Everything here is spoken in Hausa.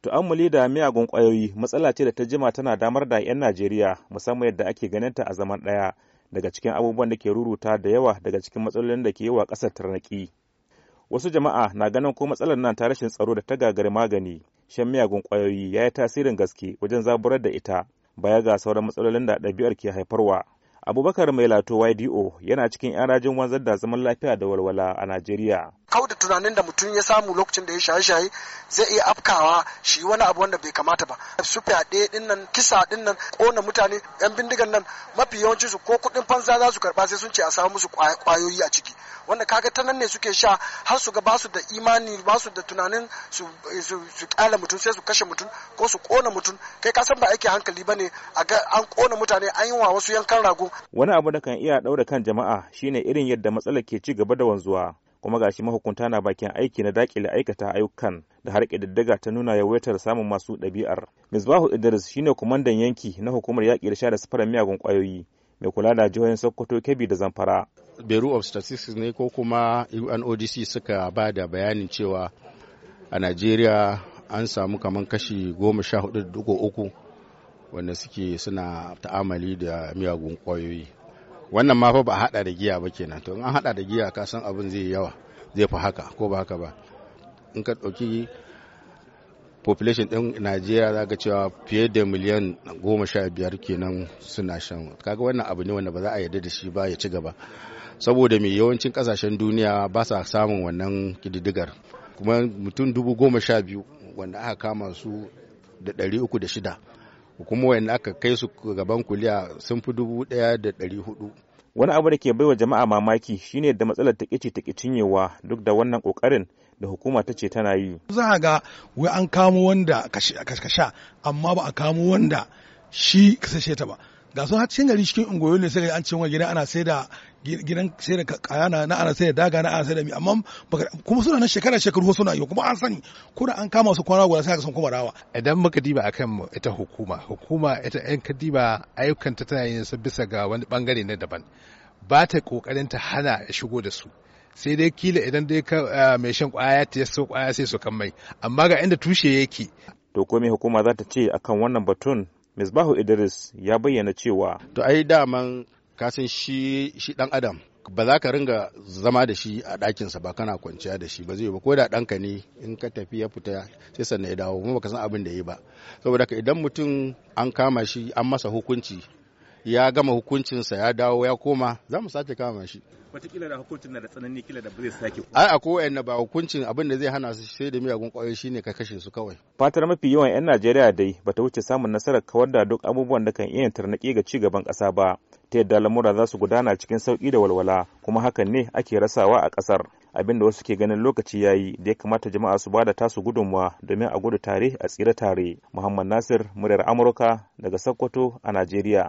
tu'ammuli da miyagun kwayoyi matsala ce da ta jima tana damar da 'yan najeriya musamman yadda ake ganinta a zaman ɗaya daga cikin abubuwan da ke ruruta da yawa daga cikin matsalolin da ke yi wa ƙasar tarnaƙi wasu jama'a na ganin ko matsalar nan ta rashin tsaro da ta gagari magani shan miyagun kwayoyi ya yi tasirin gaske wajen zaburar da ita baya ga sauran matsalolin da ɗabi'ar ke haifarwa abubakar mai lato ydo yana cikin 'yan rajin wanzar da zaman lafiya da walwala a najeriya kau da tunanin da mutum ya samu lokacin da ya shaye-shaye zai iya afkawa shi wani abu wanda bai kamata ba su fyaɗe din nan kisa din nan ƙona mutane yan bindigan nan mafi yawancin su ko kuɗin fansa za su karɓa sai sun ce a samu musu ƙwayoyi a ciki wanda kaga ta nan ne suke sha har su ga ba su da imani ba su da tunanin su kala mutum sai su kashe mutum ko su kona mutum kai ka san ba aiki hankali ba ne a ga an kona mutane an yi wa wasu yankan rago wani abu da kan iya daura kan jama'a shine irin yadda matsalar ke ci gaba da wanzuwa kuma gashi mahukunta na bakin aiki na dakile aikata ayyukan da har kididdiga ta nuna yawaitar samun masu ɗabi'ar. Misbahu Idris shine kumandan yanki na hukumar yaƙi da sha da miyagun ƙwayoyi mai kula da jihohin sokoto kebbi da zamfara bureau of statistics ne ko kuma unodc suka ba da bayanin cewa a najeriya an samu kamar kashi goma sha hudu da uku wanda suke suna ta'amali da miyagun kwayoyi wannan ma fa ba a hada da giya ba kenan to in an hada da giya ka san abin zai yawa zai fi haka ko ba haka ba in ka ɗauki population din najeriya za ka cewa fiye da miliyan goma sha biyar kenan suna shan kaga wannan abu ne wanda ba za a yarda da shi ba ya ci gaba saboda mai yawancin kasashen duniya ba sa samun wannan kididdigar kuma mutum dubu goma sha biyu wanda aka kama su da ɗari uku da shida kuma wanda aka kai su gaban kuliya sun fi dubu ɗaya da ɗari hudu wani abu da ke baiwa jama'a mamaki shine da matsalar ta kici ta cinyewa duk da wannan kokarin da hukuma ta ce tana yi za a ga wai an kamo wanda kasha amma ba a kamo wanda shi kasashe ta ba ga sun har cikin gari cikin ungoyo ne sai an ce wani gidan ana sai da gidan sai da kaya na ana sai da daga na ana sai da mi amma kuma suna nan shekara shekaru suna yi kuma an sani ko da an kama su kwana guda sai ka san kuma rawa idan muka diba akan ita hukuma hukuma ita yan kadiba ayyukan ta tana yin bisa ga wani bangare na daban ba ta kokarin ta hana shigo da su sai dai kila idan dai ka mai shan kwaya ta yaso kwaya sai su kan mai amma ga inda tushe yake to ko me hukuma za ta ce akan wannan batun misbahu idris ya bayyana cewa to ai daman kasan shi shi dan adam ba za ka ringa zama da shi a ɗakinsa ba kana kwanciya da shi ba zai ba ko da ɗanka ne in ka tafi ya fita sai sannan ya dawo kuma baka san abin da ya ba saboda ka idan mutum an kama shi an masa hukunci ya gama hukuncinsa ya dawo ya koma za mu sake kama shi watakila da hukuncin na da tsanani kila da zai sake ai akwai wayan ba hukuncin abin da zai hana su sai da miyagun kwayoyi shine ka kashe su kawai fatar mafi yawan yan Najeriya dai bata wuce samun nasarar kawar da duk abubuwan da kan iya tarnaƙi ga ci gaban ƙasa ba ta yadda lamura za su gudana cikin sauƙi da walwala kuma hakan ne ake rasawa a ƙasar da wasu ke ganin lokaci yayi da ya kamata jama'a su bada tasu gudunmuwa domin a gudu tare a tsira tare muhammad nasir muryar amurka daga sokoto a najeriya